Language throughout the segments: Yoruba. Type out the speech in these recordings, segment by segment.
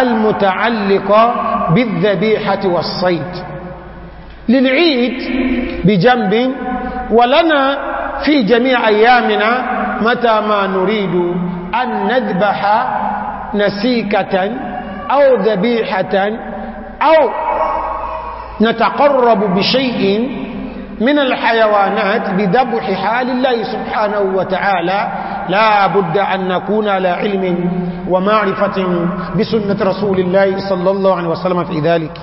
المتعلقة بالذبيحة والصيد للعيد بجنب ولنا في جميع أيامنا متى ما نريد أن نذبح نسيكة أو ذبيحة أو نتقرب بشيء من الحيوانات بذبح حال الله سبحانه وتعالى لا بد أن نكون على علم ومعرفة بسنة رسول الله صلى الله عليه وسلم في ذلك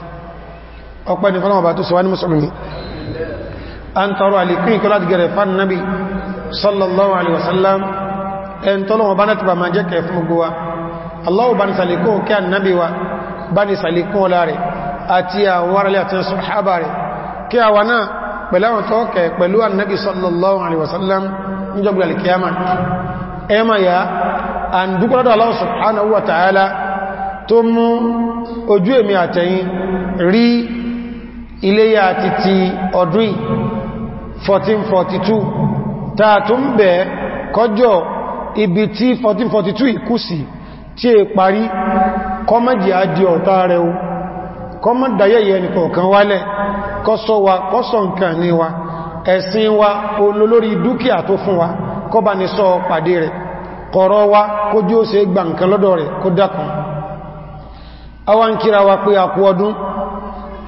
أقبل نفرم أباتو سواء المسلمين أن ترى لكي كلا قرفان النبي صلى الله عليه وسلم أن تلو بنات بما جاك يفمقوا الله بني سليكون كان نبي بني سليكون لاري أتيا ورلي أتيا صحابة كي أولا بلاو توقع بلوان النبي صلى الله عليه وسلم نجب للكيامة ẹmọ ya àndúkọ́lọ́dọ̀ Allah subhanahu wa tó mú ojú èmì àtẹ̀yìn rí iléyà àti ti ọdún 1442 tàà tó ń kọjọ ibi tí 1442 ikú tí è parí kọmọ̀dì àjí ọ̀tá rẹ̀ o kọmọ̀dáyẹ̀yẹ nìkọ̀ọ̀kan wálẹ̀ wa nǹkan kọ̀rọ̀ wa kó jí ó ṣe gbà nǹkan lọ́dọ̀ rẹ̀ kó dákan awa ń kíra wa pé àkú ọdún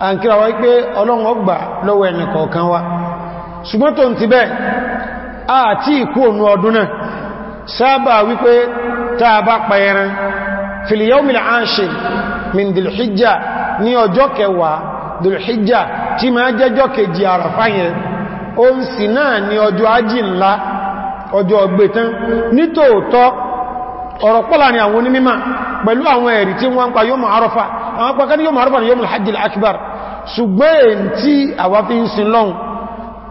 a ń kíra wa pé ọlọ́run ọgbà lọ́wọ́ ẹni kọ̀ọ̀kan wa ṣùgbọ́n tó ti bẹ́ àti ìkú ònú ọdún náà sábà wípé tá a bá pa ẹran ń sì ọjọ́ ọgbẹ̀ tán nítòótọ́ ọ̀rọ̀ pọ́lá ni àwọn onímímà pẹ̀lú àwọn ẹ̀rí tí wọ́n ń pa yọ́mù arọ́fà àwọn apákan yọ́mù arọ́fà ni yọ́mù hajjil akbar ṣùgbọ́n tí àwa fi ń sin lọ́un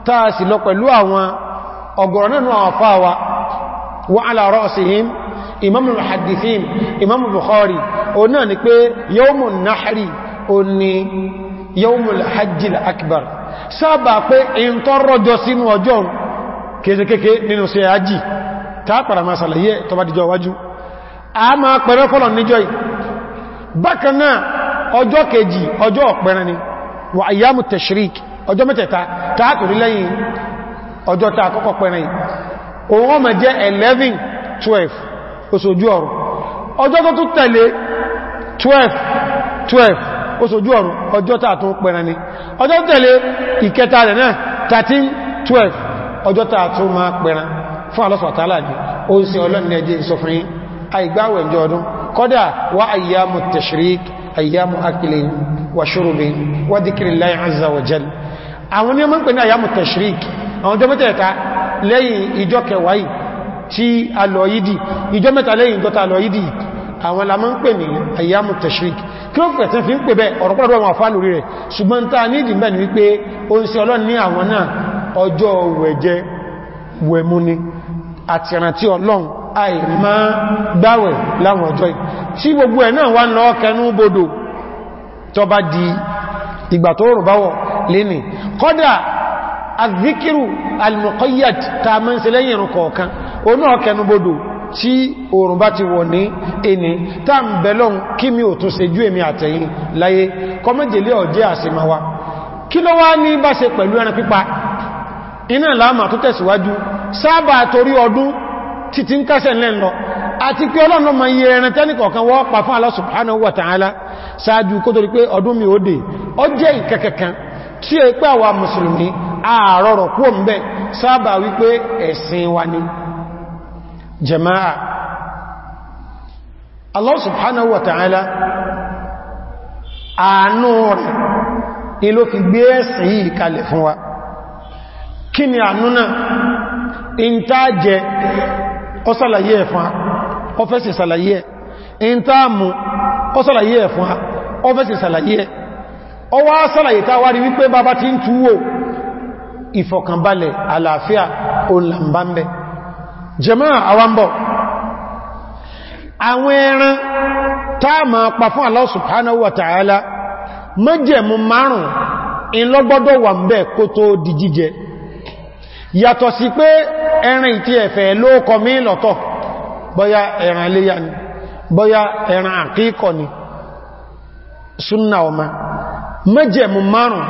táà sì lọ pẹ̀lú àwọn ọgọ̀rọ̀ nínú àwọn afáwa wa ala ra'sihim imam al-muhaddithin imam kéèsè kéèké nínú sí àájì tààpàrà máa sàlàyé tó bá dìjọ wájú a máa pẹ̀rẹ fọ́lọ̀ níjọ́ yìí bákan náà ọjọ́ kejì ọjọ́ ọ̀pẹ̀rẹ ni wà ayyamu tashrik ọjọ́ mẹ́tẹ̀ta tààtòrí lẹ́yìn ọjọ́ ta àkọ́kọ́ pẹ̀rẹ yìí òun máa jẹ́ 11 12 oṣojú ọ̀run ọjọ́ tó tún tẹ̀lé 12 12 13 12 ọjọ́ tàà tó máa pẹran fún alọ́sọ̀tàlá ní ó ń sin ọlọ́nà ẹjẹ́ ìsọfin àìgbáwẹ̀ ìjọ ọdún kọ́dà wá àyàmù tashrik àyàmù akìlẹ̀ wà ṣúrùbí wà dhikrillahi azza wa jal àwọn ní ọmọ ń pè ní àyàmù tashrik àwọn ọjọ́ mẹ́tẹ̀ẹ̀ta lẹ́yìn ìjọ kẹwàá tí a lọ yídì ìjọ mẹ́ta lẹ́yìn ìjọ ta lọ yídì àwọn la kí ó pẹ̀ tí fi ń pè bẹ́ ọ̀rọ̀pọ̀lọpọ̀ àwọn àfáà lórí rẹ̀ ṣùgbọ́n ta ní ìdìmẹ́ ni wípé o ń ṣe ọlọ́ni àwọn náà ọjọ́ wẹ̀jẹ wẹ̀múni àti ìrántí ọlọ́run àì má gbáwẹ̀ láwọn ọjọ́ tí gbogbo ẹ̀ náà wá lọ kẹnu bodò tó bá di ìgbà tó rò báwọ̀ léni kọ́dà azikiru al-muqayyad ta mọ́ sí lẹ́yìn ìrùn kọ̀ọ̀kan onú ọkẹnu bodò tí oòrùn bá ti wọ̀ ní ẹni tá ń bẹ̀lọ́n kí mi ò tún ṣe jú èmi àtẹ̀yìn láyé kọmọ́jẹ̀lẹ́ ọ̀jẹ́ àṣìmáwá kí ló wá ní bá ṣe pẹ̀lú ẹran pípa iná láàmà tó tẹ̀síwájú sábà torí ọdún títí ń kásẹ̀ lẹ́n lọ àti pé ọlọ́run ma yí ẹran tẹ́nìkọ̀ọ̀kan wọ́n pa fún Allah subhanahu wa sáájú kó torí pé ọdún mi ó dè ó jẹ́ ìkẹkẹkan tí fi gbé kí ni ànúnà ìntájẹ ọsàlàyé ẹ̀fún ọfẹ́sì sàlàyé ẹ̀ ìntáàmù ọsàlàyé ẹ̀fún ọfẹ́sì sàlàyé ẹ̀ ọwá sàlàyé táwárí wípé bàbá ti ń túwò ìfọ̀kànbalẹ̀ àlàáfíà olàmbámbẹ̀ jàmáà àwambọ̀ àwọn ẹran pa fún Allah subhanahu wa ta'ala márùn-ún ìlọ́gbọ́dọ̀ wà ń kó tó yàtọ̀ sí pé ẹran ìtí ẹ̀fẹ̀ ló kọ mí lọ́tọ̀ bọ́yá ẹran iléyà ni bọ́yá ẹran àkíkọ ni súnnà ọmọ mẹ́jẹ̀mú márùn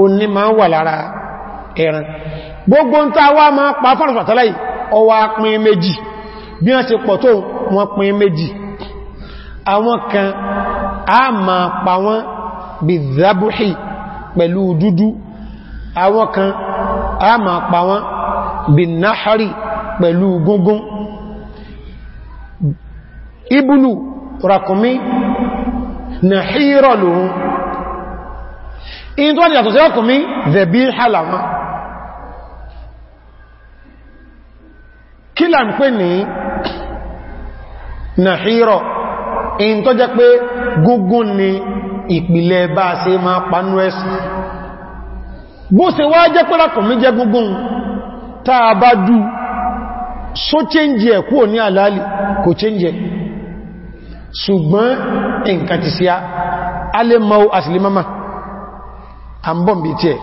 ò ní máa wà lára ẹran gbogbo ń tàà wá máa pa fọ́nà pàtàláì ọwá pín méjì bí wọ́n ti àwọn kan a ma pa wọn bin nahari pẹ̀lú gúngún ibùlù rakumi na hírọ̀ lòun in tó ní àtọ̀sẹ́ ọkùnmí zẹ̀bí halawa kí là ń pè ní na hírọ̀ in tó jẹ́ pé gúngún ni ìpìlẹ̀ bá ṣe máa panú ẹ̀sìn bó ṣe wá jẹ́ pẹ́rakùn mi jẹ́ gúngún tàà bá dú só chẹ́njẹ ẹ̀kú ní àlàálì kò chẹ́njẹ ṣùgbọ́n nǹkan ti sí a alẹ́mọ́ asìlímọ́mà àmbọ̀m̀bí tí ẹ̀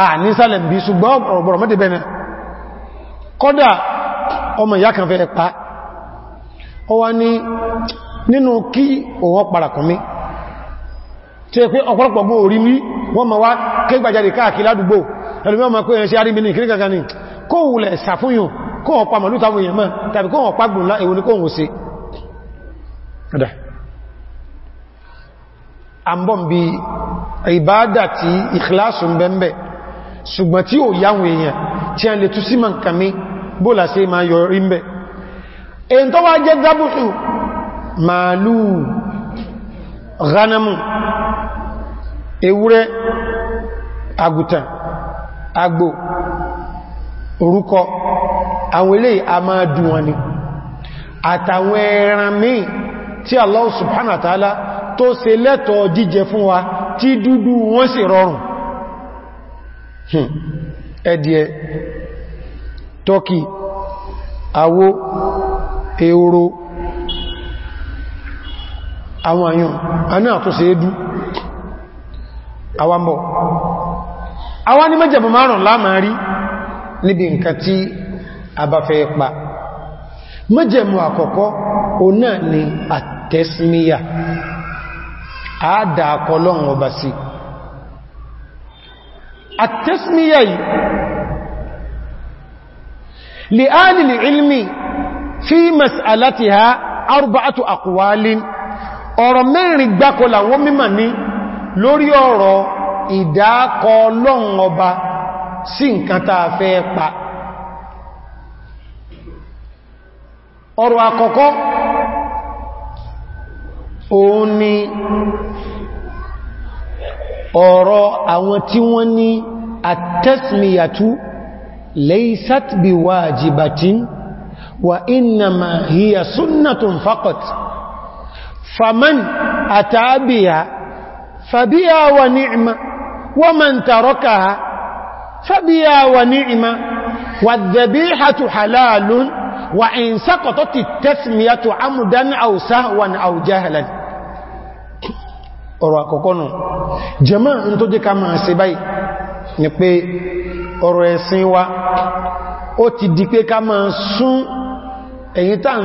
à ní sálẹ̀ bí ṣùgbọ́n ọ̀rọ̀bọ̀rọ̀ mọ́dé bẹ́ẹ̀ kọ́dà ọmọ ìyá kan fẹ́ pa ọwá ní nínú kí òwọ́ parakùn tí ó pé ọ̀pọ̀lọpọ̀ gbọ́ orí ní wọ́n ma wá kégbàjáde káàkiri ládùgbò ẹlùmí ọmọ pé ẹ̀ṣẹ́ aríbi ní kiri kankan ni kó wùlẹ̀ sàfúnyàn kó ọ̀pá màlú táwọn èèyàn mọ́ tàbí kó ni kó wùn sí àmbọ̀m̀bí ìbádà tí ìkìláṣù ń tó wá jẹ́ dábùsù màálù ghanamu ewúrẹ́ àgùtàn àgbò orúkọ àwọn ilé a máa dùn wọn ni àtàwọn ẹran míì tí Allah subhanahu wa ta'ala tó ṣe lẹ́tọ̀ jíjẹ fún wa tí dúdú wọ́n sì rọrùn hmm. ẹ̀dìẹ̀ tọ́kì àwó ehoro àwọn àyàn a náà tó ṣe é dú àwambọ̀ àwọn ní mẹ́jẹ̀bù márùn lámàárí níbi nǹkan tí a bá fẹ́ pa mẹ́jẹ̀mù àkọ́kọ́ o náà ni àtẹ́símíyà àádà akọlọ́run ọba sí àtẹ́símíyà yìí lè áàlìlì ilmi fi mas'alatiha arba'atu aqwalin ọ̀rọ̀ mẹ́rin gbákọlà wọ́n mímọ̀ lórí ọ̀rọ̀ ìdákọ ọlọ́run ọba sí nǹkan tàà fẹ́ pa ọ̀rọ̀ àkọ́kọ́ òun ni ọ̀rọ̀ àwọn tí wọ́n ní àtẹ́sìmìyàtú laysat biwajibatin wa innama hiya sunnatun faqat faman atabiya فبيا ونعمة ومن تركها فبيا ونعمة والذبيحة حلال وإن سقطت التسمية عمدا أو سهوا أو جهلا ọ̀rọ̀ àkọ́kọ́ nù jẹmọ́ ń tó jẹ́ ká máa ṣe báyìí ni pé ọ̀rọ̀ ẹ̀sìn wa ó ti di pé ká máa sún èyí tàà ń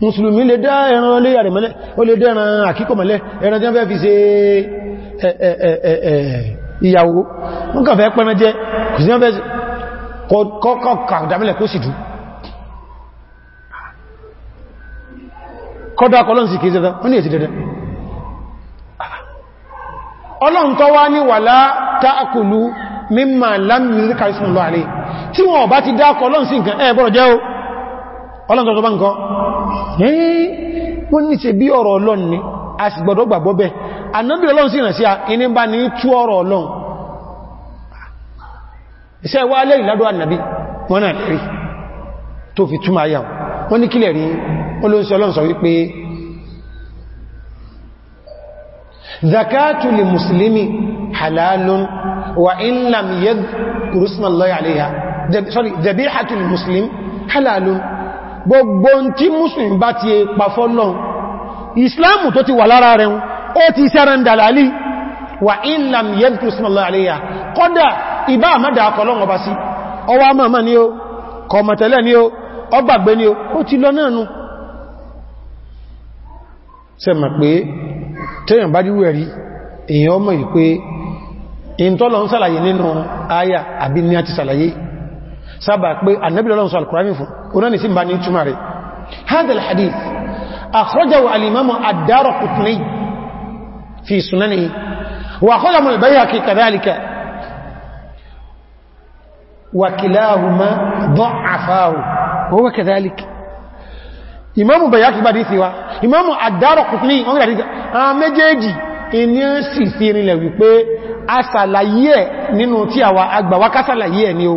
musulmi le dá ẹran lé àrẹ̀ mẹ́lẹ́ o lè dá ẹran àkíkọ̀ mẹ́lẹ́ ẹran tí wọ́n fẹ́ fi ṣe ìyàwó wọ́n kàn fẹ́ pẹ́mẹ́ jẹ́ kò sí wọ́n fẹ́ kọ́kọ̀kàdámẹ́lẹ̀ kó sì dù kọ́dá kọlọ́n sí tó ti wọ́n ní ṣe bí ọ̀rọ̀ ọlọ́run ni a sì gbọ́dọ̀ gbàgbọ́ bẹ́ ànábì ọlọ́run sì rìn sí a iní bá ní tú ọ̀rọ̀ ọlọ́run iṣẹ́ wá lẹ́yìn ládọ́ ànàbí wọ́n náà rí tó fi túnmà yà wọ́n ní kílẹ̀ rí olóòsì ọlọ́run gbogbo tí mùsùlùmí bá ti pa fọ́lọ́ ìsìláàmù tó ti wà lára rẹ̀ ó ti sẹ́rẹ̀ dàlálì wà in lam yadhkur ismallahi alayha kọ́dà ìbá àmàdà akọlọ́wọ́ bá sí ọwá màmá ni ó kọmọ̀tẹ̀lẹ̀ ni ó ọgbàgbé ni ó ó ti lọ náà nù sábà pé annabi lọ́lọ́run sọ alkùnrin fún onáni sí bá ní túnmà rẹ̀ hadal hadith akhrajahu alimamu ad-Daraqutni fi sunanihi wa akhrajahu al-Bayhaqi kadhalika wa kilahuma da'afahu wa huwa kadhalik imamu Bayhaqi bá dìí wa imamu ad-Daraqutni wọ́n gbà dìí a méjèèjì ìní sì fi rinlẹ̀ wípé asàlàyé ẹ̀ nínú tí àwà agbàwákásàlàyé ẹ̀ ni o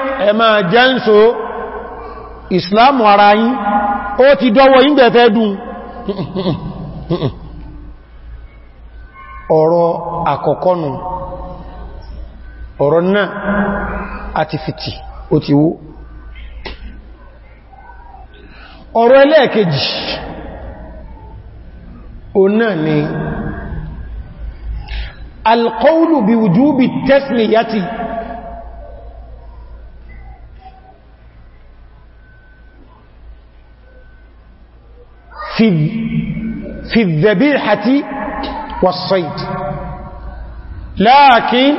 ẹ máa jẹ́ ń so ìsìláàmù ara yín ó ti dọ́wọ́ yíngbẹ̀ fẹ́ dùn ọ̀rọ̀ àkọ́kọ́nù ọ̀rọ̀ náà àti fìtì ó ti wó ọ̀rọ̀ ẹlẹ́ẹ̀kejì o náà ni alkọ́ọ̀lù bí wùjú bí tẹ́sìlì yàtì في في الذبيحة والصيد لكن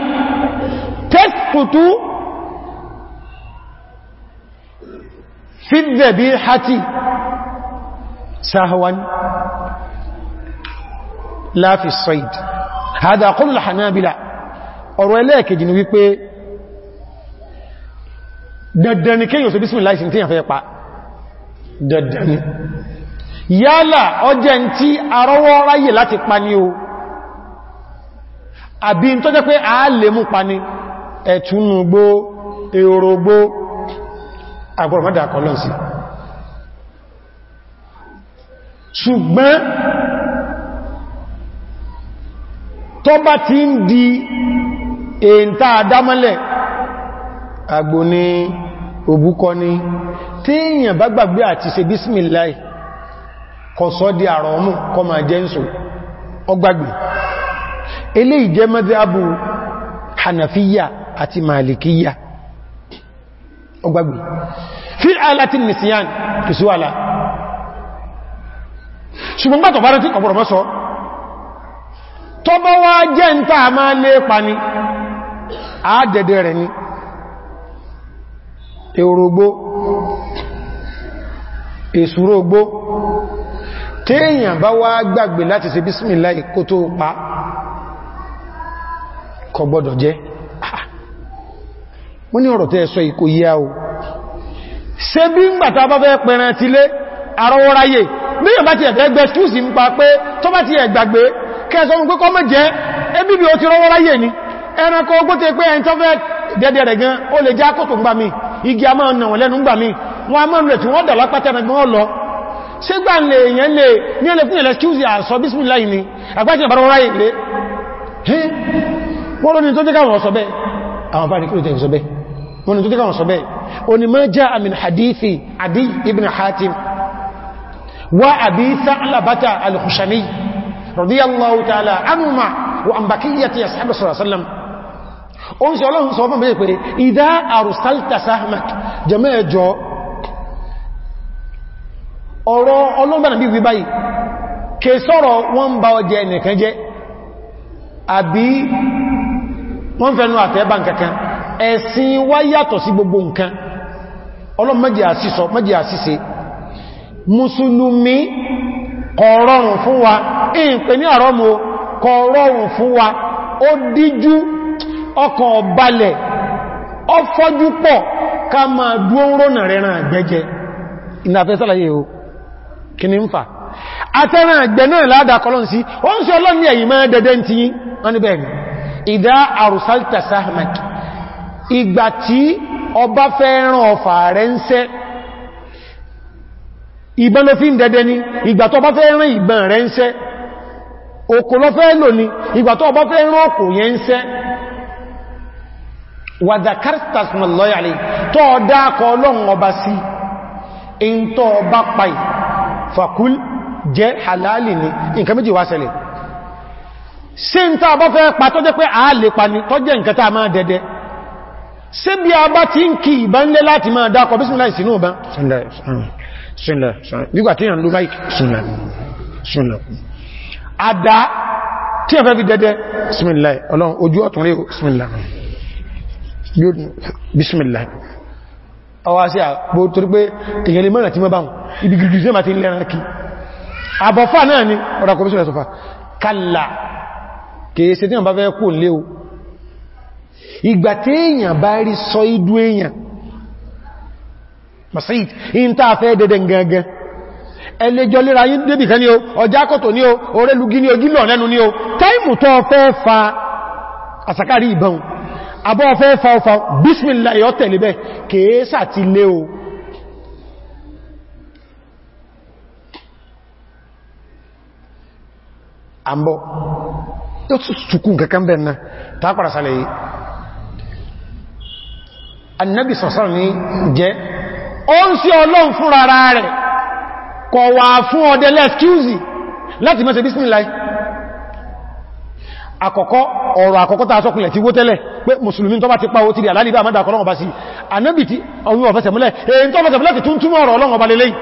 تسقط في الذبيحة سهوا لا في الصيد هذا قول الحنابلة ọ̀rọ̀ ẹlẹ́ẹ̀kejì ni wípé dandan ni kéyàn sí bísmìláìsì tí yàn fẹ́ yálà ọjẹ́ ń tí arọ́wọ́ ráyè láti pani o àbí tó jẹ́ pé a lè mú pani ẹ̀túnúgbó èrògbó agbọ̀rọ̀mọ́dà kọlọ́nsì ṣùgbọ́n tó bá ti ń di èntà àdámọ́lẹ̀ àgbò ni ni tí èyàn bá gbàgbé àti ṣe bísmìláì kọ̀sọ́ di àrọ̀mù kọ ma jẹ́ ń so ọgbàgbì ilé ìjẹ́ madhabu hanafiya ati malikiya ọgbàgbì fi alati nisiyan kìsíwàlá ṣùgbọ́n gbàtọ̀ bá rántí ọ̀pọ̀rọ̀ mọ́sọ tọ́bọ́ wá jẹ́ ń tàà máa lé pa ni a dẹ̀dẹ̀ rẹ̀ ni èrògbó èsúrógbó téèyàn bá wá gbàgbé láti ṣe bísmìlá kó tó pa kò gbọ́dọ̀ jẹ́ wọ́n ah, ah. ní ọ̀rọ̀ tẹ́ sọ ìkò yíá o ṣe bí ń gbàtà bá fẹ́ pẹ̀rẹ̀ ti lé àrọwọ́ráyè míyàn bá ti ẹ̀fẹ́ gbẹ́ ṣúùsì ń pa pé tó bá ti ẹ̀gbàgbé kẹsọ mú pé kọ́ mẹ́jẹ́ ẹbí bí ó ti rọwọ́ráyè ni fẹ́ dẹ́dẹ̀ ṣe gbà lè èèyàn lè ní ẹlẹ́ fún ẹ̀lẹ́ kíúsì àṣọ bísmìlá ìní àgbájẹ̀ bára ráyè lé wọ́n lóní tó jẹ́ káwọn sọ bẹ́ àwọn bá ní kí ló tẹ́ sọ bẹ́ wọ́n ni tó jẹ́ káwọn sọ bẹ́ o ni máa já àmìn hadithi adi ibn hatim wa abi sa'labata al ọ̀rọ̀ ọlọ́gbàna bí wíbáyìí kè sọ́rọ̀ wọ́n ń bá ọjẹ́ ẹnìkan jẹ́ àbí wọ́n fẹ́nu àtẹ́bà nkankan ẹ̀sìn wa yàtọ̀ sí gbogbo nkan ọlọ́mọ́jẹ́ fún wa ọfọ́jú pọ̀ ká máa dúó ìnàfẹ́sàlàyé kí ní ń fà àtẹ́rẹ ẹgbẹ̀ náà ládà kọlọ́n sí ó ń sọ ọlọ́ni ẹ̀yìn máa dẹ̀dẹ̀ tí wọ́n níbẹ̀ ni ìdá àrùsáltà sahmak ìgbà tí ọba fẹ́ rán ọfà rẹ̀ ń sẹ́ ìbọn ló fi ń dẹ̀dẹ̀ ni ìgbà tó ọba fẹ́ rán ìbọn rẹ̀ ń sẹ́ òkò ló fẹ́ lò ní ìgbà tó ọba fàkúl jẹ́ halali ni nǹkan méjì wá ṣẹlẹ̀ sí ń tàà bọ́ fẹ́ pa tó jẹ́ pé a lè pa ní tó jẹ́ nǹkan tàà máa dẹ́dẹ́ sí bí a bá ti ń kí ìbá ń lé láti máa dákọ̀ bí sínúláì sínú ọba àdá tí ẹ̀fẹ́ fi dẹ́dẹ́ bismillah ọlọ́run ojú ọ̀tún bismillah bismillah ọwá sí àpò torípé ìyẹnlẹ̀ mọ́ràn tí ibi gírígírí sí ma ti lẹ́ran kí àbọ̀fà náà ni ọ̀dà kò bísọ̀rẹ̀ sọ̀fà kàlà kèèsè tí wọ́n bá fẹ́ kò lé o ìgbà tí èèyàn bá rí sọ ìdú èèyàn masáyìd in tá fẹ́ dẹ̀dẹ̀ gangan ẹlẹ́jọ́ lera yí débì kan ní àsàkárí ìbọn àbọ́ fẹ́ fa bísmìlá ẹ̀yọ́ tẹ̀lébẹ̀ kèésà ti o àmbọ̀ tó sùkún kankan bẹ̀rẹ̀ náà ta pàrà sálẹ̀ yìí annabi sọ̀sán ní jẹ́ ó ń sí ọlọ́run fún rárá rẹ̀ kọ̀ wà fún ọdẹ lẹ́skúzi láti mẹ́sẹ̀ bísmìláì àkọ́kọ́ ọ̀rọ̀ àkọ́kọ́ tàà sọ́kùnlẹ̀ tí wó tẹ́lẹ̀ pé mùsùlùmí tó bá ti pàwó tìrì àlálìbá àmàdà ọ̀kọ̀lọ́wọ̀ bá sí ànábì tí ọ̀rọ̀ ọ̀fẹ́sẹ̀ múlẹ̀ èyí tó fẹ́sẹ̀ múlẹ̀ tí tún ọ̀rọ̀ ọlọ́wọ̀ bá lélẹ́yìn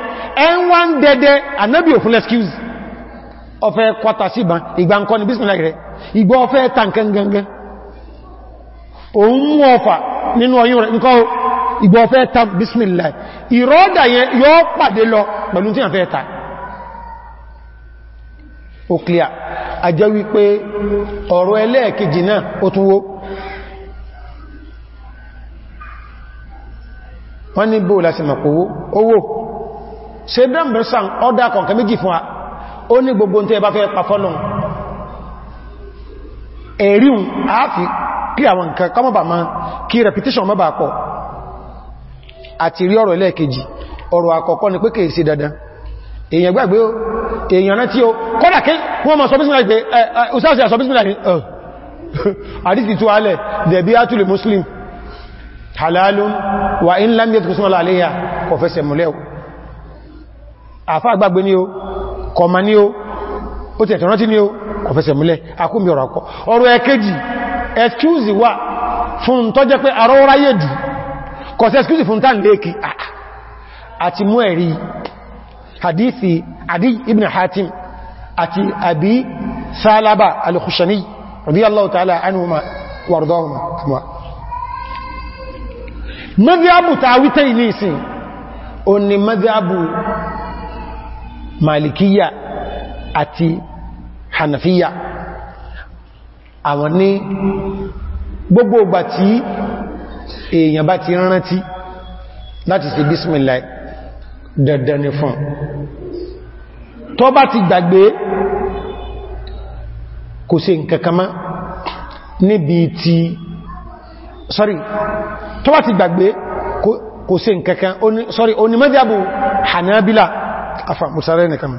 ẹn dẹ́dẹ́ ànábì òfin lẹ́skúzi ọfẹ́ kwata síba ìgbà ń kọ́ ní bísmìlá rẹ̀ ìgbà ọfẹ́ tankan gangan òun mú ọfà nínú ọyún rẹ̀ nǹkan ìgbà ọfẹ́ ta bísmìlá ìrọ́dà yẹn yóò pàdé lọ pẹ̀lú tí a fẹ́ ta ó clear a jẹ́ wípé ọ̀rọ̀ ẹlẹ́ẹ̀kejì náà ó tún wó wọ́n ní bóòlá sí mọ̀kówó owó ṣe bẹ́m̀bẹ̀sàn ọ́dá kọ̀ọ̀kan méjì fún wa ó ní gbogbo tí ẹ bá fẹ́ pa fọ́lọ́n ẹ̀ríun àáfi kí àwọn nǹkan kọmọ̀bà ma kí repetition mọ́bà pọ̀ àti rí ọ̀rọ̀ ẹlẹ́ẹ̀kejì ọ̀rọ̀ àkọ́kọ́ ni pé kèèsì si dandan èèyàn gbàgbé ó èèyàn náà ó kọ́nà kí wọ́n ma sọ bísmìlá ìgbé ọ̀sáàsì àsọ bísmìlá ní ọ̀ àdísì halalun wa in lam yadhkur isma Allahi alayha kọfẹsẹ̀ múlẹ̀ àfá kọma ní o ó ti ẹ̀tọ̀rántí ní o kò fẹsẹ̀ múlẹ̀ akúmi ọ̀rọ̀ akọ ọ̀rọ̀ ẹ̀kejì excuse wà fún tó jẹ́ pé arọ́ ráyè jù kò sí excuse fún tán léèkì àti ah, ah. mú ẹ̀rí hadithi adi ibn hatim abi salaba al-khushani radiyallahu ta'ala anhuma wardahuma madhhabu tawita ilisi oni madhhabu malikiya àti hanafiya àwọn ní gbogbo ìgbà tí èèyàn bá ti rántí láti ṣe bismillah dandan ni fún tó bá ti gbàgbé kò ṣe nkankanmá níbi tí sorry tó bá ti gbàgbé kò ṣe nkankan sorry onímọ́jábò hanabila afa musare nìkan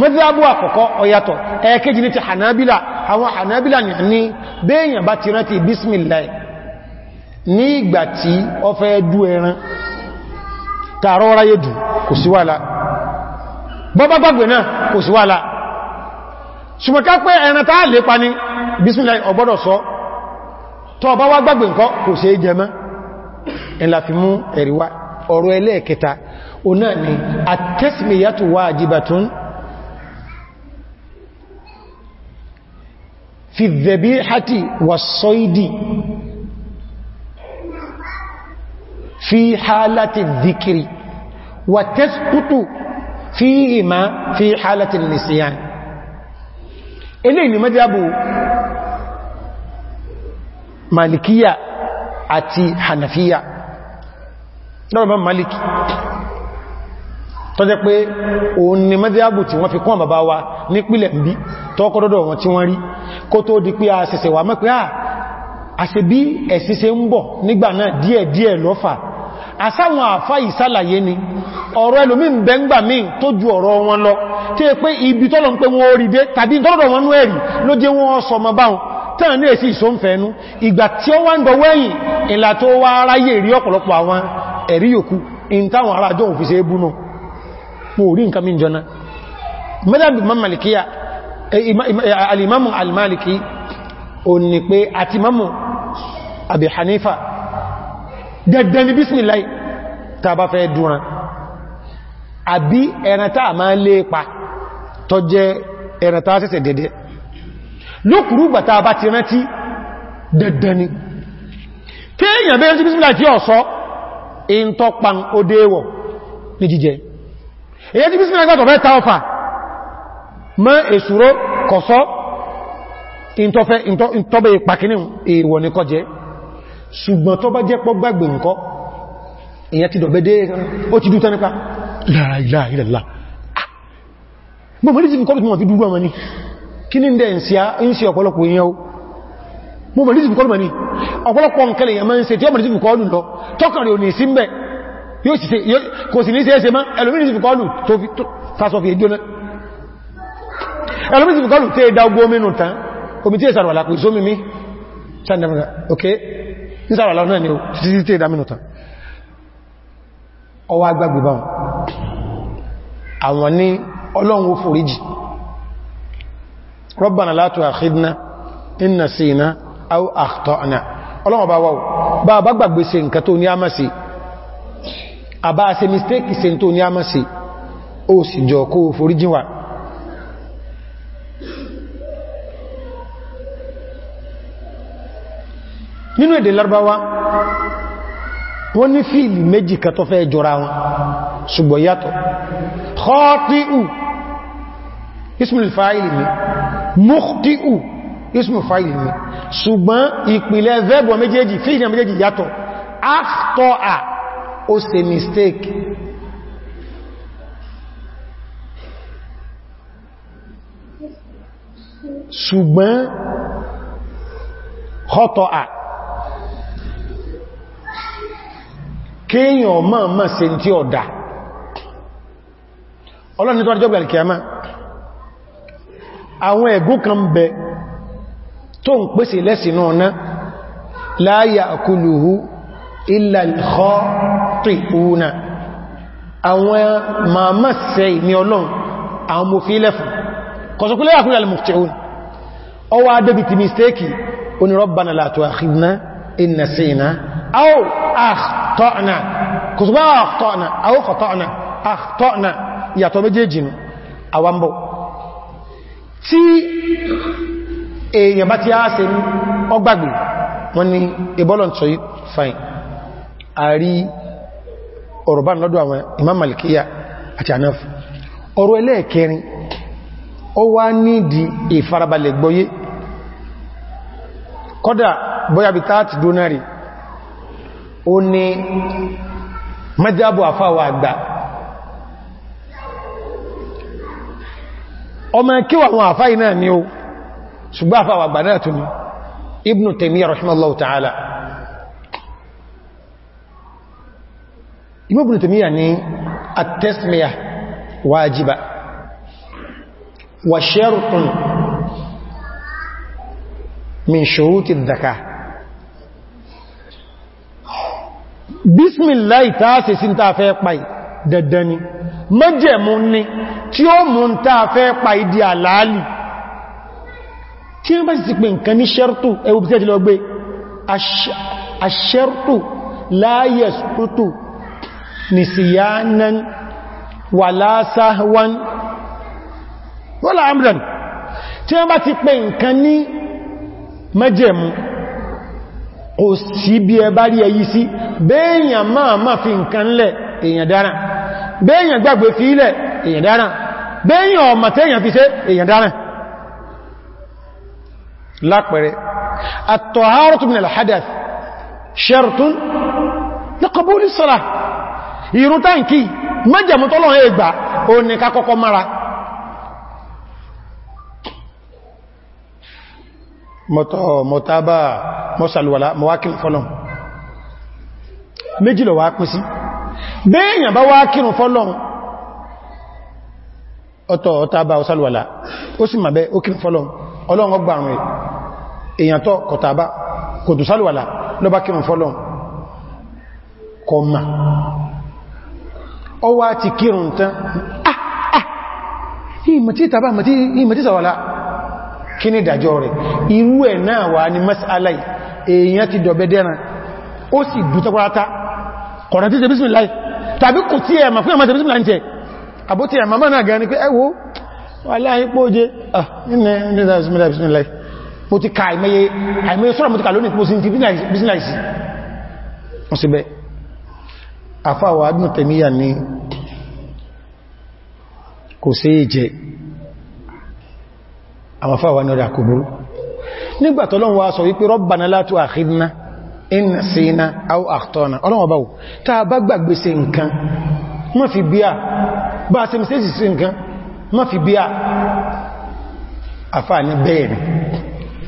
mẹ́sílábù àkọ́kọ́ ọ̀yàtọ̀ ẹ̀ẹ́kejì ní ti hanabila àwọn hanabila ní bẹ́yàn bá ti rántí bismillah ní ìgbà tí ọ fẹ́ dú ẹran tààrọ ráyé dù kò sí wàhálà bọ́bá gbàgbé náà kò sí wàhálà ṣùgbọ́n ká pé ẹran tàà lè pa ní bismillah ọ gbọ́dọ̀ sọ tọ́ ọba wá gbàgbé nǹkan kò sí jẹmọ́ ẹ̀làfimú ẹ̀ríwá ọ̀rọ̀ ẹlẹ́ẹ̀kẹta náà ni àtẹ́sìmìyàtù wájibatun fi hati was sọ́ìdì fi halati zikiri wa tasqutu fihima fi halati nisyan eléyìí ni malikiya àti hanafiya lọ́rọ̀mọ́ malik tó jẹ́ pé òun ni mẹ́díábù tí wọ́n fi kún àbàbá wa ní pílẹ̀ ń bí tọ́kọ́dọ́dọ̀ wọn tí wọ́n rí kó tó di pé a ṣẹ̀ṣẹ̀ wà mẹ́ pé à ah, àṣẹ bí ẹ̀ṣíṣe ń bọ̀ nígbà náà díẹ̀ díẹ̀ lọ́fà àsáwọn àfá ìsálàyé ni ọ̀rọ̀ ẹlòmí ń bẹ ń gbà míì tó ju ọ̀rọ̀ wọn lọ tí è pé ibi tọ́lọ̀ ń pé wọn orí dé tàbí tọ́lọ̀dọ̀ wọn ẹ̀rí ló jẹ́ wọn sọ mọ báhùn tán ní èsì ìsọ́nfẹ́ẹ̀nú ìgbà tí ó wá ń dọwẹ́yìn ìlà tó wá ráyè rí ọ̀pọ̀lọpọ̀ àwọn ẹ̀rí yòókù in táwọn ará jọ òfìsẹ́ ebúnú mo rí nǹkan min jọna mẹ́lẹ́bì mamalikiya alimamu almaliki o ni pé àti mamu abi hanifa dẹ̀dẹ̀ ni bismillah ta bá fẹ́ dúnra àbí ẹ̀rẹ̀ta ma lè pa tó jẹ ẹ̀rẹ̀ta sẹ́sẹ̀ dẹ̀dẹ̀ lókùrú gbàta bá ti rántí dẹ̀dẹ̀ ni kéèyàn bẹ́rẹ̀ sí bismillah tí ọ̀sọ́ in tó pan ó déwọ̀ ní jíjẹ èyí tí bísmìlá gbàtọ̀ fẹ́ ta ọfà mọ́ èsúró kọ̀sọ́ ìntọ́bẹ̀ ìpàkínú èèwọ̀ ní kọjẹ́ ṣùgbọ́n tó bá jẹ́ pọ́ gbàgbé nǹkan èyàn ti dọ̀bẹ́ dé ó ti dútọ́ nípa la ilaha illallah ah! mọ̀ mọ̀ ní ti fi kọ́ mo mọ̀ nísìbù kọlùmọ̀ ní ọ̀pọ̀lọpọ̀ nǹkan èèyàn máa ń ṣe tí ó mọ̀ nísìbù kọlù lọ tọ́kàrí ò ní sí mẹ́ kò sì ní ṣe é ṣe má ẹlòmí nísìbù kọlù tó fi tásọ fi èjò náà ẹlòmí nísìbù kọlù tí é dá ogbó omi nù tán omi tí é sàrọ̀lá kò sómi mi Rabbana la tu'akhidna in nasina aw akhta'na ọlọ́wọ́ bá wáwọ́ bá bá gbàgbé ṣe nǹkan tó ní àmà sí àbá ṣe mistake ṣe tó ní àmà sí ó sì jọ kó foríjìn wa nínú èdè Lárúbáwá wọ́n ní fíìlì méjì kan fẹ́ jọra wọn ṣùgbọ́n yàtọ̀ khati'u ismul fa'ili ni mukhti'u ismu fa'il ni ṣùgbọ́n ìpìlẹ̀ vẹ́bọ̀ méjèèjì fíìlì méjèèjì yàtọ̀ aftọ́à ó ṣe mistake ṣùgbọ́n khata'a kéèyàn máa máa ṣe tí ọ̀dá ọlọ́ni tó àjọ́gbẹ̀ alìkìyàmá àwọn ẹ̀gún kan bẹ̀ẹ́ tó ń pèsè lẹ́sìn náà la ya'kuluhu illa al-khati'una àwọn màmá sẹ ìní ọlọ́run àwọn mo fi lẹ́fún kọ̀sọ̀kúlẹ̀ àkúrẹ̀ al-mukhti'un ọwọ́ adébìtì mistéèkì oní rabbana la tu'akhidna in nasina aw akhta'na kùsùgbà akhta'na aw khata'na akhta'na ìyàtọ̀ méjèèjì àwọn mbọ̀ tí èèyàn bá ti á se ní ọgbàgbì wọ́n ni ìbọ́lọ̀ tọ́ fine a rí ọ̀rọ̀ bá lọ́dọ̀ àwọn imam malikiya àti anaf ọ̀rọ̀ ẹlẹ́ẹ̀kẹrin ó wá nídi ìfarabalẹ̀ gbọ́yé kọ́dà bóyá bí táàtì dónárì ó ní mẹ́jábò àfáwà àgbà ọmọ kíwà àwọn àfáì náà ṣùgbọ́n àfàwà àgbà náà tún ní Ibn Taymiyyah rahimahullahu ta'ala Ibn Taymiyyah ní at-tasmiyah wajiba wa shartun min shuruti adh-dhakah bismillah tààsì sí ta fẹ́ pàì dandani májẹ̀mú ní tí ó mú ta fẹ́ pàì di àlàálì tí wọ́n bá sì pè nǹkan ní ṣẹ́rtù ẹwùbí tí a ti lọ gbé aṣẹ́rtù láyẹ̀s kútù nìsìyánan wà lásàwọn wọ́la amdan tí wọ́n bá ti pè nǹkan ní májẹ̀mú kò sí bí ẹ bá rí èyí sí bẹ́ẹ̀yàn máa máa fi nǹkan lẹ̀ èèyàn dára bẹ́ẹ̀yàn gbàgbé fi ilẹ̀ èèyàn dára bẹ́ẹ̀yàn ọmọ tẹ́yàn fi ṣe èèyàn dára lápẹẹrẹ at-taharatu min al-hadath shartun li qabuli s-salah ìrun táǹkì mẹ́jẹ̀mú tọ́lọ́run ẹgbà o ní ká kọ́kọ́ mara mọ́tọ̀ mọ́tàbà mọ́sàlùwàlá mọ́wákìlù fọ́lọ́n méjìlọ wá pín sí béèyàn bá wá kírun fọ́lọ́n ọ̀tọ̀ ọ̀tàbà ọ̀sàlùwàlá ó sì màbẹ́ ó kírun fọ́lọ́n ọlọ́run ọgbà àrùn ẹ̀ èyàn tó kọ̀tàbá kò tó sálùwàlá ló bá kírùn fọ́lọ́n kọ ma ọ wá ti kírùn tán ah ah ìmọ̀tí tàbá ìmọ̀tí sàwàlá kí ní ìdàjọ́ rẹ̀ irú ẹ̀ náà wà ní masalai èyàn ti dọ̀bẹ̀dẹ̀ran ó sì dútọ́párátá kọ̀rọ̀ tí ṣe bísmìláì tàbí kò tí ẹ̀mà fún ẹ̀mà tẹ̀bísmìláì ń tẹ̀ àbótí ẹ̀mà mọ́ náà gan ni pé ẹwọ́ wà láàáyín póóje mo ti ka àìmẹ́yẹ àìmẹ́yẹ sọ́rọ̀ mo ti ka lónìí pọ̀ sí ti bísínàìsì wọ́n sí bẹ́ àfáwà adùn tẹ̀míyà ni kò sí ìjẹ àwọn àfáwà ní ọdá kòbúrú nígbà tọ́lọ́run wá sọ wípé Rabbana la tu'akhidhna in nasina aw akhtana ọlọ́wọ́ báwò tá a bá gbàgbé ṣe nǹkan má ní bẹ́ẹ̀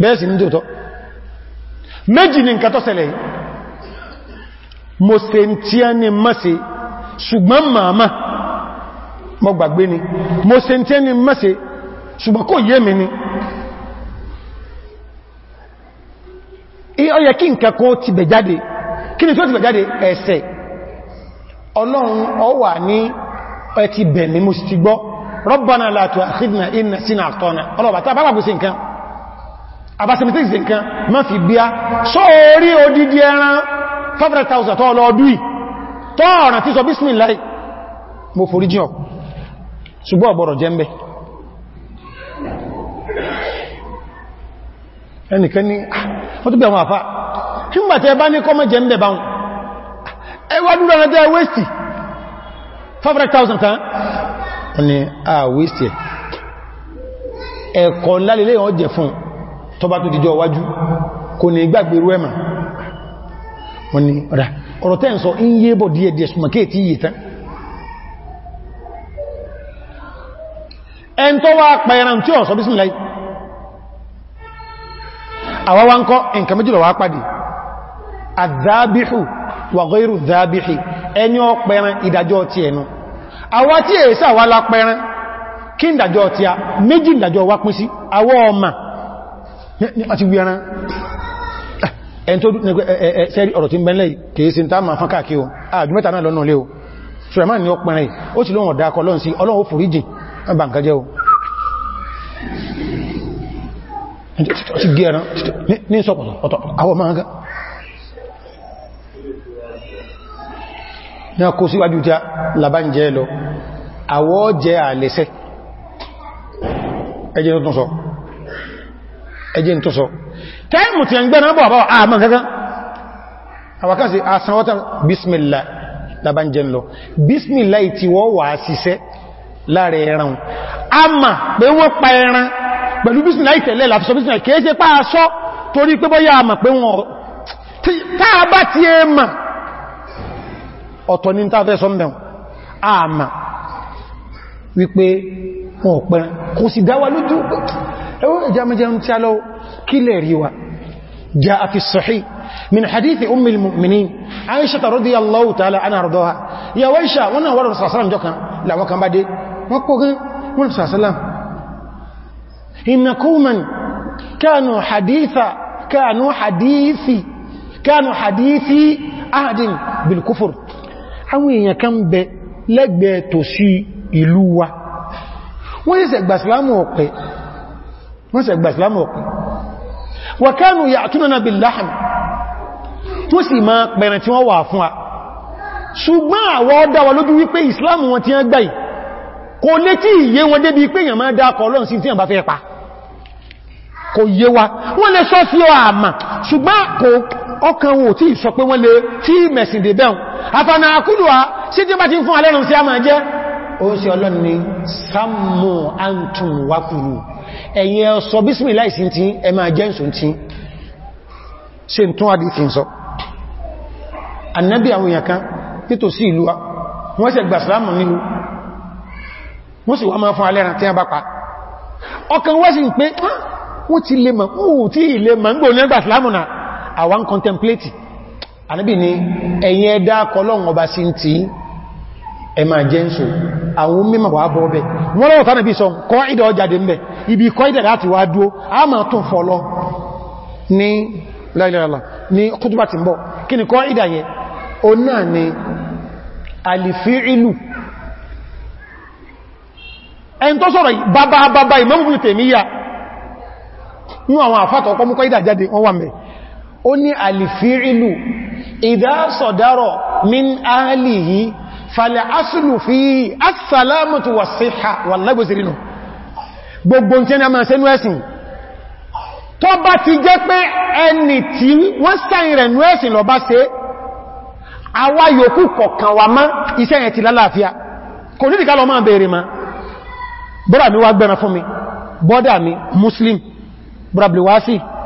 bẹ́ẹ̀ sì ní tòótọ́ méjì ni nǹkan tó ṣẹlẹ̀ mo se ń tí a ní mọ́sí ṣùgbọ́n màmá mo gbàgbé ni mo se ń tí a ní mọ́sí ṣùgbọ́n kò yé mi ni ọyẹ kí nǹkan kó ti bẹ̀ jáde kí ni tó ti bẹ̀ jáde ẹ̀ṣẹ̀ ọlọ́run ọ wà ní ẹti bẹ̀mí mo sì ti gbọ́ Rabbana la tu'akhidhna in nasina akhtana ọlọ́bàtà bá pàgbé sí nǹkan àbásẹ̀mìtìsì nǹkan má fi gbíá só orí odidi ẹran 500,000 tọ́ lọ́ọ̀dúì tọ́ ọ̀ràn tí sọ bísmìlá mo forí jíọ̀ ṣùgbọ́n ọ̀bọ̀rọ̀ jẹ́ mẹ́ ẹnìkan ní ah, wọ́n tó bí àwọn àfá nígbàtí ẹbá ní kọ́mọ̀ jẹ́ mẹ́ báhùn ẹwà dúró ẹran jẹ́ wéṣtì 500,000 kan ni a wéṣtì ẹ̀kọ́ ńlá lè lè wọ́n jẹ fún un tó bá tó dìjọ wájú kò ní gbàgbèrú ẹ̀mà wọ́n ni ọ̀dá ọ̀rọ̀ tẹ́ ń sọ in yé bọ̀ díẹ̀ díẹ̀ ṣùgbọ́n tí yìí tán ẹn tó wá pẹ̀ẹ̀ràn tí ó sọ bísí láì àwa wá ń kọ́ nǹkan méjìlọ wá pàdé àdábíhù wà gọ́ìrù nípa ti wí ẹran ẹn tó sẹ́rí ọ̀rọ̀ tí ń bẹ́lẹ̀ kìí sí tá fán ah, náà lọ́nà o Suleiman ni ó pẹ̀rẹ̀ ó sì lóhun ọ̀dá akọlọ́n sí ọlọ́run ó foríjì o ti ní àwọ̀ máa a ẹjẹ́ tó sọ tẹ́mù ti ń gbẹ́nà bọ̀ àmà kankan àwàkásí àsanwọ́ta bismillah labanjẹ́ lọ bismillah ti wọ́ wà síṣẹ́ láàrẹ ẹran a ma pé wọ́n pa ẹran pẹ̀lú bismillah tẹ̀lẹ̀ láfisọ bismillah kìí ṣe pá aṣọ́ torí pé bọ́yá a wípé wọn ò pẹ̀rẹ̀ kò sì dáwà lójú ẹwọ́ ìjámẹ́jẹun tí a lọ kílẹ̀ ríwa جاء في الصحيح من حديث أم المؤمنين عائشة رضي الله تعالى عنها رضاها يا ويشا وانا ورد صلى الله عليه وسلم جوكا لا وكان بعد وكوكا ورد صلى الله عليه وسلم إن قوما كانوا حديث كانوا حديثي كانوا حديثي أهد بالكفر àwọn èèyàn kan bẹ lẹ́gbẹ̀ẹ́ tòsí ìlú wa wọ́n yẹ́sẹ̀ gbàsìlámù ọ̀pẹ́ wọ́n sì gba ìsìlámù ọ̀pọ̀ wà kánù yà àtúnànà bí láhàn tó sì máa pẹ̀rẹ̀ tí wọ́n wà fún a ṣùgbọ́n àwọ́ ọdá wa lójú wípé ìsìlámù wọn ti ń gbà yìí kò lè tí ìyé wọn débi pé èyàn máa dákọ̀ ọlọ́run sí tí èyàn bá fẹ́ pa kò yé wa wọ́n lè sọ sí àmà ṣùgbọ́n kò ọkàn wọn ò tí sọ pé ti ń fún alẹ́rùn sí a jẹ́ ó sì ọlọ́ni sammu antum wakulu ẹ̀yin ọ̀sọ̀ bísmì láìsí tí ẹ máa jẹ́ ǹsùn tí ṣe ń tún àdìkì sọ annabi àwọn ìyàkan nítòsí ìlú wa wọ́n sì gbà sàlámù nínú wọ́n sì wá máa fún alẹ́ran tí a bá pa ọkàn wọ́n sì ń pé ah, wọ́n ti lè mọ̀ ó ti lè mọ̀ ń gbò ní ẹgbà sàlámù náà àwọn contemplate annabi ni ẹ̀yin ẹ̀dá kọlọ́run ọba sí ti ẹmà jẹ́ǹsù àwọn mímọ̀ wà bọ́ bẹ́ wọ́n lọ́wọ́ tánàbí sọ kọ́ ìdọ̀ ọjáde mẹ́ ibi kọ́ ìdẹ̀ láti wá dúó a máa tún fọ́lọ ní láìlára ní kútùbà tí kí ni kọ́ yẹ o náà ni alìfíìlù ẹn tó sọ̀rọ̀ baba baba min ahlihi fàlẹ̀ asìlù fi asàlámùtù wà síhà wà lágbòsìrínù gbogbo tí a máa sẹ́nu ẹ̀sìn tó bá ti jẹ́ pé ẹni tí wọ́n sáyìn rẹ̀ nú ẹ̀sìn lọ bá ṣe àwa yòókù kọ̀kan wà má iṣẹ́ yẹn ti lálàáfíà kò ní ìdíkà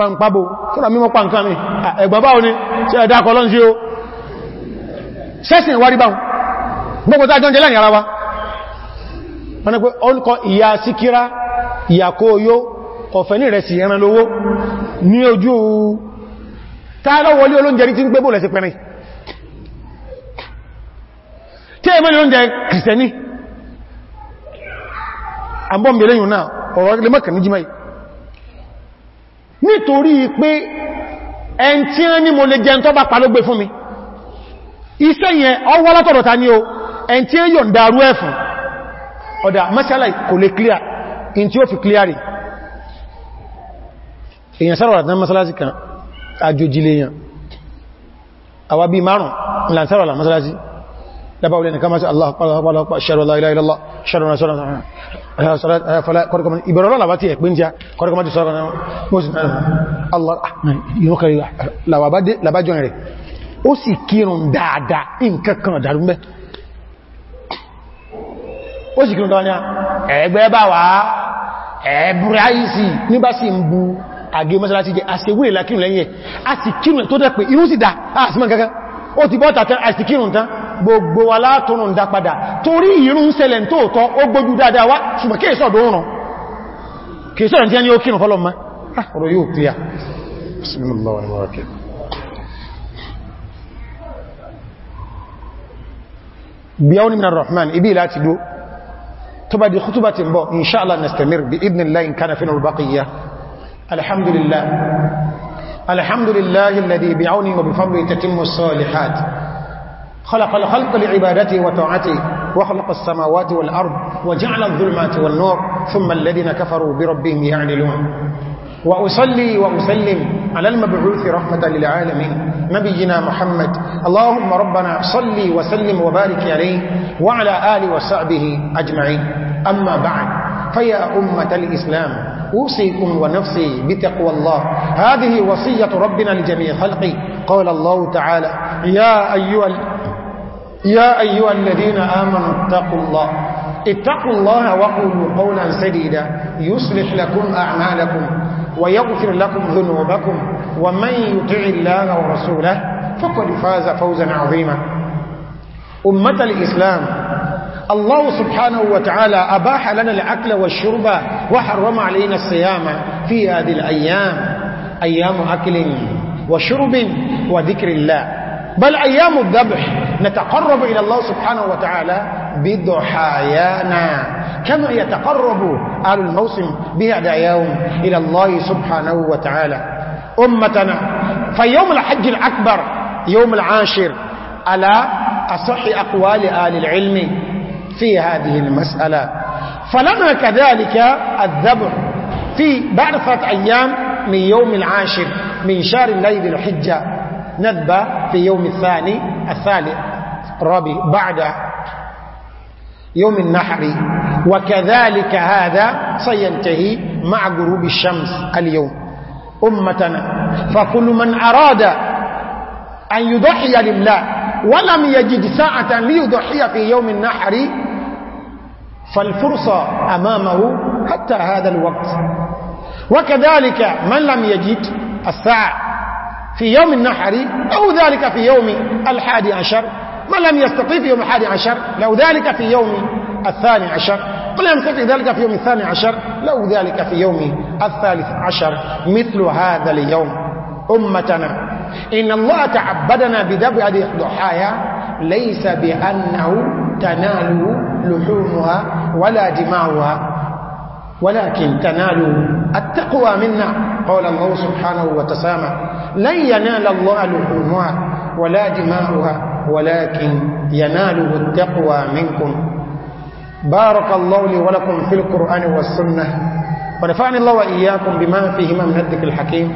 pàǹpàbò fúnra mímọ́ pàǹkan mi ẹgbàbá òní tí ẹ̀dá kọlọ́n sí o sẹ́sìn wárí báun gbogbo tá jọ́njẹ́ láàrin ara wa wọ́n ni pé ọlùkọ ìyà síkírá ìyàkóyó ọ̀fẹ́ ní rẹ̀ sí ẹran lówó ní ojú tààlọ́wọlé olóúnjẹ rí tí ń gbé bóòlẹ̀ sí pẹ̀rin ni nítorí pé ẹn tí ó ní mo lè jẹun tó bá palógbé fún mi iṣẹ́ yẹn ọwọ́ látọ̀dọ̀ ta ní o ẹn tí ó yọ̀ dárú ẹ̀fún ọ̀dá mẹ́sàlá kò lè clear in tí ó fi clear rí èyàn sárọ̀rọ̀ àtàn mẹ́sàlásí kan àjòjì lèyàn àwà márùn-ún ìlànsára mẹ́sàlásí لباو لنا كما الله قال الله إله الله أشهد أن الله فلا كركم إبرار لا باتي بين جا كركم دي مسلم الله الرحمن لا وبد لا باجون ري ó sì kírun dáadáa nǹkan kan dàrú mẹ́ ó sì kírun dáadáa ẹgbẹ́ bá wá ẹ̀bùrẹ́ àìsì nígbà sí ń bu àgé mọ́sálásí jẹ́ àṣewé ìlàkírùn ó ti bọ́ta tẹ́ àìsìkírùn tán gbogbo wa látọrùn dá padà torí ìrún sẹlẹ̀ tóòtọ́ ó gbójú dáadáa wá ṣùgbọ́n kí èsọ́ dóòrùn kí èsọ́ ìrìn tí a ní ó kírùn fọ́lọ́mà ah, ọ̀rọ̀ yóò pè bi'awni min ar-Rahman ibi láti dó tó bá di kútùbá ti ń bọ̀ inṣáàlá nastamir bi الحمد لله الذي بعونه وبفضله تتم الصالحات خلق الخلق لعبادته وطاعته وخلق السماوات والأرض وجعل الظلمات والنور ثم الذين كفروا بربهم يعللون وأصلي وأسلم على المبعوث رحمة للعالمين نبينا محمد اللهم ربنا صلي وسلم وبارك عليه وعلى آل وصحبه أجمعين أما بعد فيا أمة الإسلام أوصيكم ونفسي بتقوى الله هذه وصية ربنا لجميع خلقه قال الله تعالى يا أيها, يا أيها الذين آمنوا اتقوا الله اتقوا الله وقولوا قولا سديدا يصلح لكم أعمالكم ويغفر لكم ذنوبكم ومن يطع الله ورسوله فقد فاز فوزا عظيما أمة الإسلام الله سبحانه وتعالى أباح لنا الأكل والشرب وحرم علينا الصيام في هذه الأيام أيام أكل وشرب وذكر الله بل أيام الذبح نتقرب إلى الله سبحانه وتعالى بضحايانا كما يتقرب أهل الموسم بهداياهم إلى الله سبحانه وتعالى أمتنا فيوم الحج الأكبر يوم العاشر على أصح أقوال آل العلم في هذه المسألة فلما كذلك الذبح في بعد أيام من يوم العاشر من شهر الليل الحجة نذبى في يوم الثاني الثالث الرابع بعد يوم النحر وكذلك هذا سينتهي مع غروب الشمس اليوم أمتنا فكل من أراد أن يضحي لله ولم يجد ساعة ليضحي في يوم النحر فالفرصة أمامه حتى هذا الوقت وكذلك من لم يجد الساعة في يوم النحر أو ذلك في يوم الحادي عشر من لم يستطيع في يوم الحادي عشر لو ذلك في يوم الثاني عشر لم يستطيع ذلك في يوم الثاني عشر لو ذلك في يوم الثالث عشر مثل هذا اليوم أمتنا إن الله تعبدنا بذبع ذي ليس بأنه تنالوا لحومها ولا دماؤها ولكن تنالوا التقوى منا قال الله سبحانه وتسامى لن ينال الله لحومها ولا دماؤها ولكن يناله التقوى منكم بارك الله لي ولكم في القرآن والسنة ونفعني الله وإياكم بما فيهما من الذكر الحكيم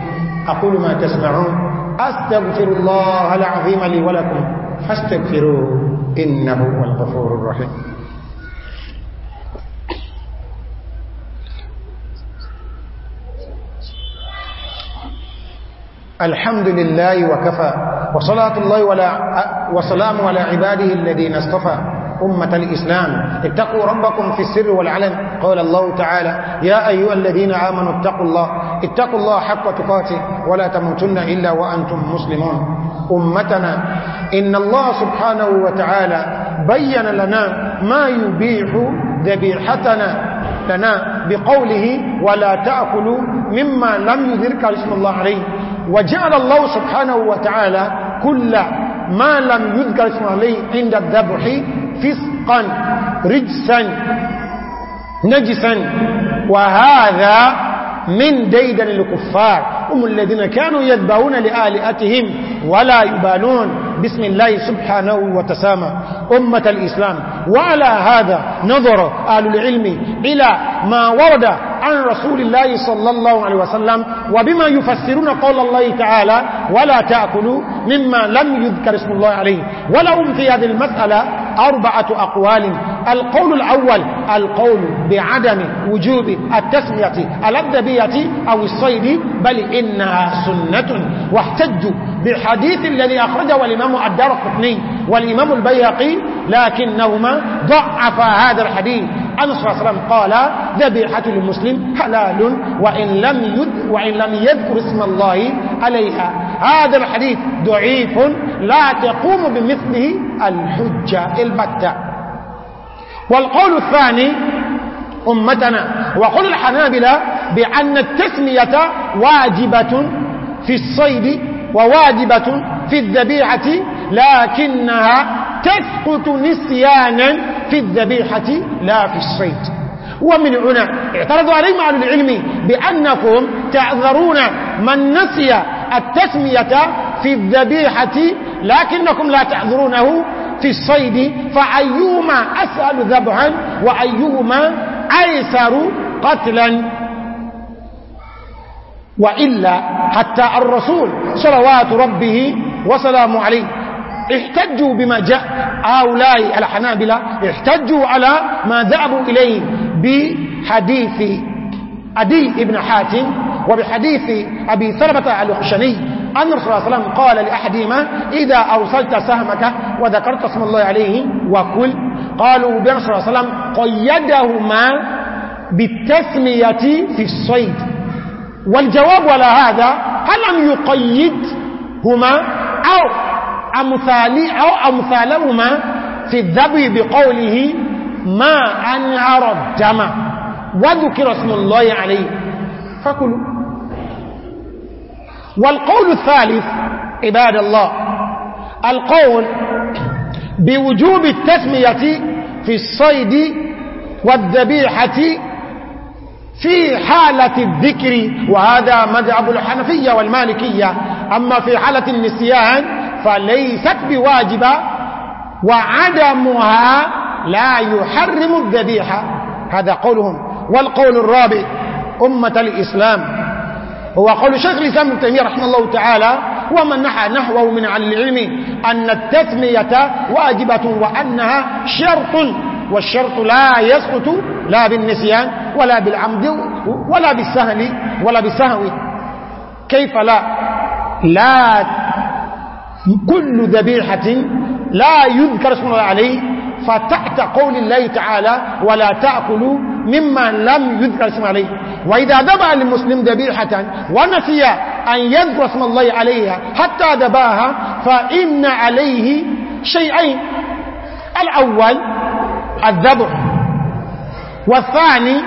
أقول ما تسمعون أستغفر الله العظيم لي ولكم فاستغفروه إنه هو الغفور الرحيم الحمد لله وكفى وصلاة الله ولا وسلام على عباده الذين اصطفى أمة الإسلام اتقوا ربكم في السر والعلن قال الله تعالى يا أيها الذين آمنوا اتقوا الله اتقوا الله حق تقاته ولا تموتن إلا وأنتم مسلمون أمتنا إن الله سبحانه وتعالى بين لنا ما يبيح ذبيحتنا لنا بقوله ولا تأكلوا مما لم يذرك اسم الله عليه وجعل الله سبحانه وتعالى كل ما لم يذكر اسم عليه عند الذبح فسقا رجسا نجسا وهذا من ديدن الكفار هم الذين كانوا يذبحون لآلئتهم ولا يبالون بسم الله سبحانه وتسامى أمة الإسلام وعلى هذا نظر أهل العلم إلى ما ورد عن رسول الله صلى الله عليه وسلم وبما يفسرون قول الله تعالى ولا تأكلوا مما لم يذكر اسم الله عليه ولهم في هذه المسألة أربعة أقوال القول الأول القول بعدم وجوب التسمية الأبدبية أو الصيد بل إنها سنة واحتجوا بالحديث الذي أخرجه الإمام الدار القطني والإمام البيقي لكنهما ضعف هذا الحديث أن صلى الله عليه وسلم قال ذبيحة المسلم حلال وإن لم, يد وإن لم يذكر اسم الله عليها هذا الحديث ضعيف لا تقوم بمثله الحجة البتة والقول الثاني أمتنا وقول الحنابلة بأن التسمية واجبة في الصيد وواجبة في الذبيحة لكنها تسقط نسيانا في الذبيحة لا في الصيد ومن هنا اعترضوا عليهم على العلم بأنكم تعذرون من نسي التسمية في الذبيحة لكنكم لا تعذرونه في الصيد فأيهما أسأل ذبحا وأيهما أيسر قتلا وإلا حتى الرسول صلوات ربه وسلام عليه احتجوا بما جاء هؤلاء الحنابلة احتجوا على ما ذهبوا إليه بحديث أدي ابن حاتم وبحديث أبي ثلبة الأخشني أن الرسول صلى الله عليه وسلم قال لأحدهما إذا أوصلت سهمك وذكرت اسم الله عليه وكل قالوا بأن الرسول صلى الله عليه وسلم قيدهما بالتسمية في الصيد والجواب على هذا هل لم يقيدهما أو أمثال أو أمثالهما في الذبي بقوله ما أنعر الدم وذكر اسم الله عليه فكلوا والقول الثالث عباد الله القول بوجوب التسمية في الصيد والذبيحة في حالة الذكر وهذا مذهب الحنفية والمالكية أما في حالة النسيان فليست بواجبة وعدمها لا يحرم الذبيحة هذا قولهم والقول الرابع أمة الإسلام هو قول شيخ الإسلام ابن تيمية رحمه الله تعالى ومن نحى نحوه من عن العلم أن التسمية واجبة وأنها شرط والشرط لا يسقط لا بالنسيان ولا بالعمد ولا بالسهل ولا بالسهو كيف لا لا كل ذبيحة لا يذكر اسم الله عليه فتحت قول الله تعالى ولا تأكلوا مما لم يذكر اسم عليه وإذا دبع المسلم ذبيحة ونسي أن يذكر اسم الله عليها حتى ذباها فإن عليه شيئين الأول الذبح والثاني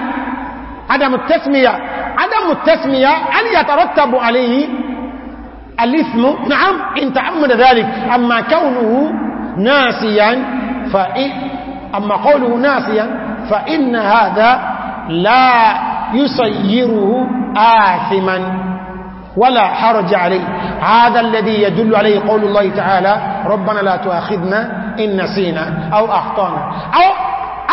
عدم التسمية عدم التسمية أن يترتب عليه الإثم نعم إن تعمد ذلك أما كونه ناسيا فإن أما قوله ناسيا فإن هذا لا يسيره آثما ولا حرج عليه هذا الذي يدل عليه قول الله تعالى ربنا لا تؤاخذنا إن نسينا أو أخطانا أو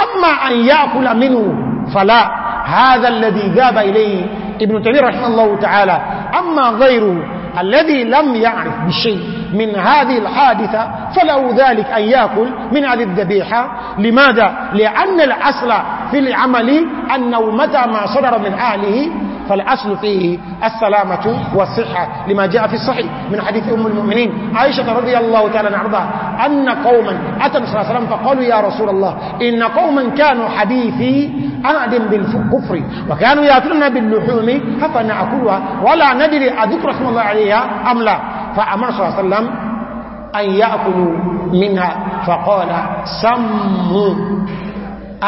أما أن يأكل منه فلا هذا الذي ذاب إليه ابن تيمية رحمه الله تعالى أما غيره الذي لم يعرف بشيء من هذه الحادثة فله ذلك أن يأكل من هذه الذبيحة لماذا؟ لأن الأصل في العمل أنه متى ما صدر من أهله فالأصل فيه السلامة والصحة لما جاء في الصحيح من حديث أم المؤمنين عائشة رضي الله تعالى نعرضها أن قوما أتى النبي صلى الله عليه وسلم فقالوا يا رسول الله إن قوما كانوا حديثي أعدم بالكفر وكانوا يأكلون باللحوم فنأكلها ولا ندري أذكر رحمه الله عليها أم لا فأمر صلى الله عليه وسلم أن يأكلوا منها فقال سموا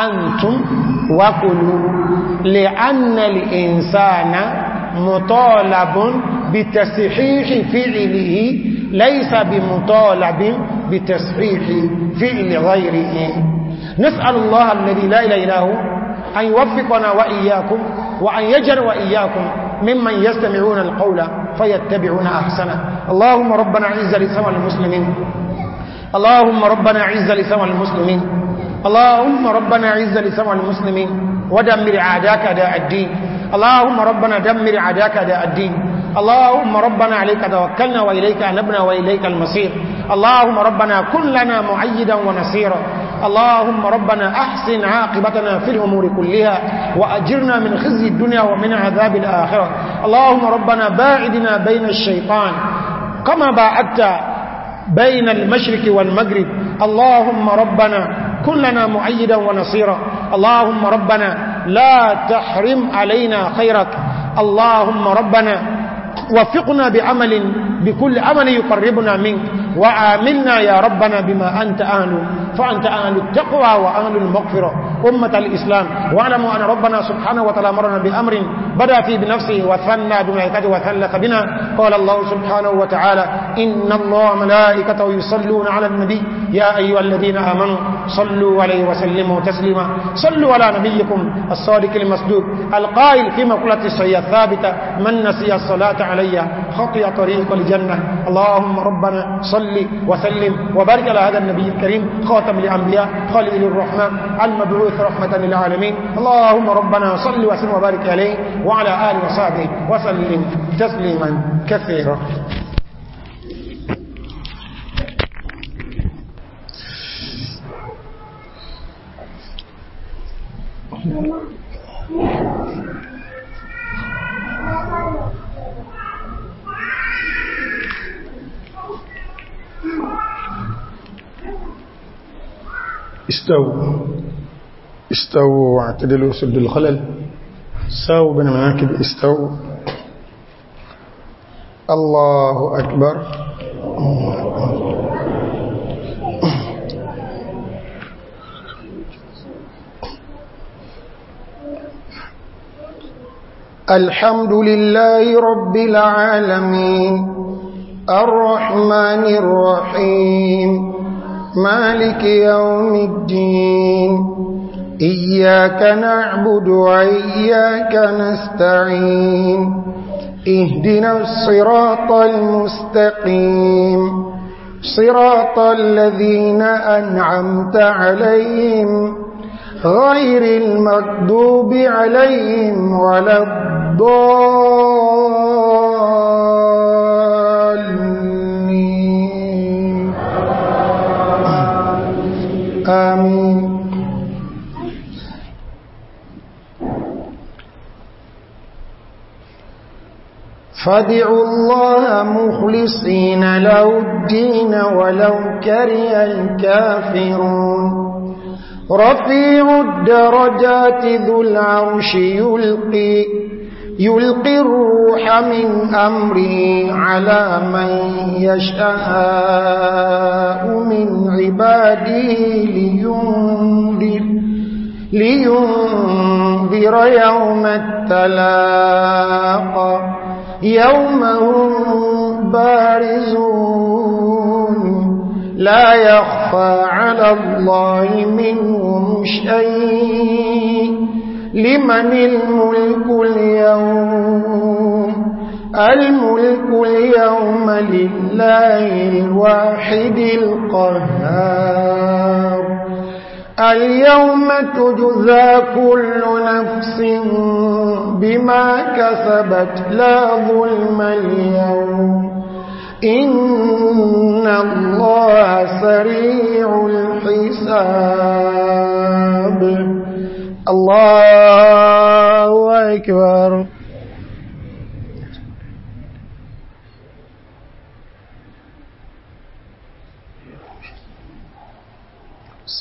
أنتم وكلوا لأن الإنسان مطالب بتصحيح فعله ليس بمطالب بتصحيح فعل غيره نسأل الله الذي لا إله إلا هو أن يوفقنا وإياكم وأن يجر وإياكم ممن يستمعون القول فيتبعون أحسنه اللهم ربنا عز لسوى المسلمين اللهم ربنا عز لسوى المسلمين اللهم ربنا عز لسمع المسلمين ودمر عاداك داء الدين اللهم ربنا دمر عاداك داء الدين اللهم ربنا عليك توكلنا وإليك أنبنا وإليك المصير اللهم ربنا كن لنا معيدا ونصيرا اللهم ربنا أحسن عاقبتنا في الأمور كلها وأجرنا من خزي الدنيا ومن عذاب الآخرة اللهم ربنا باعدنا بين الشيطان كما باعدت بين المشرك والمغرب اللهم ربنا كن لنا معيدا ونصيرا اللهم ربنا لا تحرم علينا خيرك اللهم ربنا وفقنا بعمل بكل عمل يقربنا منك وآملنا يا ربنا بما أنت أهل فأنت أهل التقوى وأهل المغفرة أمة الإسلام واعلموا أن ربنا سبحانه وتعالى أمرنا بأمر بدأ فيه بنفسه وثنى بملائكته وثلث بنا قال الله سبحانه وتعالى إن الله ملائكته يصلون على النبي يا أيها الذين آمنوا صلوا عليه وسلموا تسليما صلوا على نبيكم الصادق المصدوق القائل في مقولة الصحية الثابتة من نسي الصلاة علي خطي طريق الجنة اللهم ربنا صل وسلم وبارك على هذا النبي الكريم خاتم الأنبياء خليل الرحمن المبعوث المبعوث رحمة للعالمين اللهم ربنا صل وسلم وبارك عليه وعلى آله وصحبه وسلم تسليما كثيرا استووا استووا واعتدلوا سد الخلل ساووا بين مناكب استووا الله أكبر الحمد لله رب العالمين الرحمن الرحيم مالك يوم الدين إياك نعبد وإياك نستعين اهدنا الصراط المستقيم صراط الذين أنعمت عليهم غير المكذوب عليهم ولا الضالين آمين فادعوا الله مخلصين له الدين ولو كره الكافرون رفيع الدرجات ذو العرش يلقي يلقي الروح من أمره على من يشاء من عباده لينذر, لينذر يوم التلاقى يوم هم بارزون لا يخفى على الله منهم شيء لمن الملك اليوم الملك اليوم لله الواحد القهار اليوم تجزى كل نفس بما كسبت لا ظلم اليوم إن الله سريع الحساب الله أكبر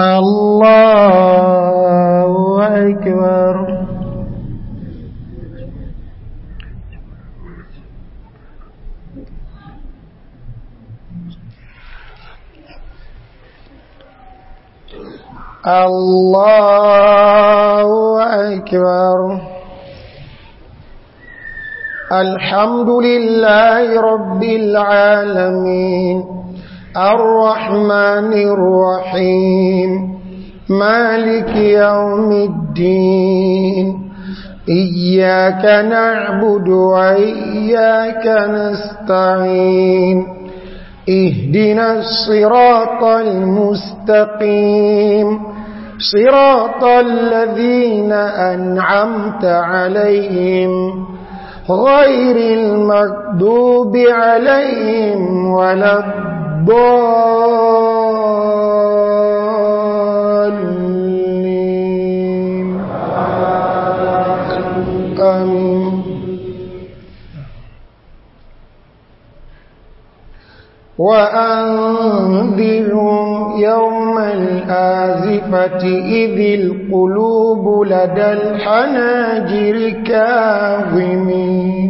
الله أكبر الله أكبر الحمد لله رب العالمين الرحمن الرحيم مالك يوم الدين إياك نعبد وإياك نستعين اهدنا الصراط المستقيم صراط الذين أنعمت عليهم غير المكذوب عليهم ولا الضالين آمين وأنذرهم يوم الآزفة إذ القلوب لدى الحناجر كاظمين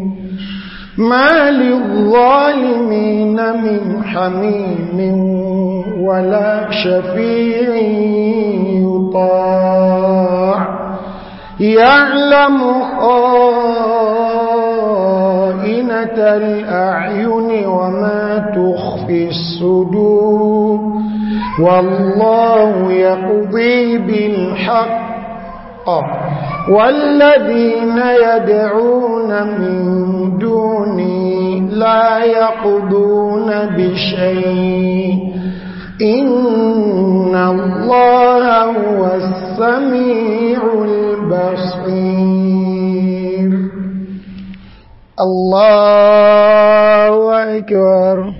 ما للظالمين من حميم ولا شفيع يطاع يعلم خائنة الأعين وما تخفي الصدور والله يقضي بالحق والذين يدعون من دوني لا يقضون بشيء إن الله هو السميع البصير الله أكبر